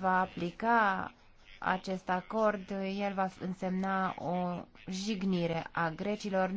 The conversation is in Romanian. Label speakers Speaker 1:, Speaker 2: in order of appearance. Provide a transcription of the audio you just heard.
Speaker 1: va aplica acest acord, el va însemna o jignire a grecilor.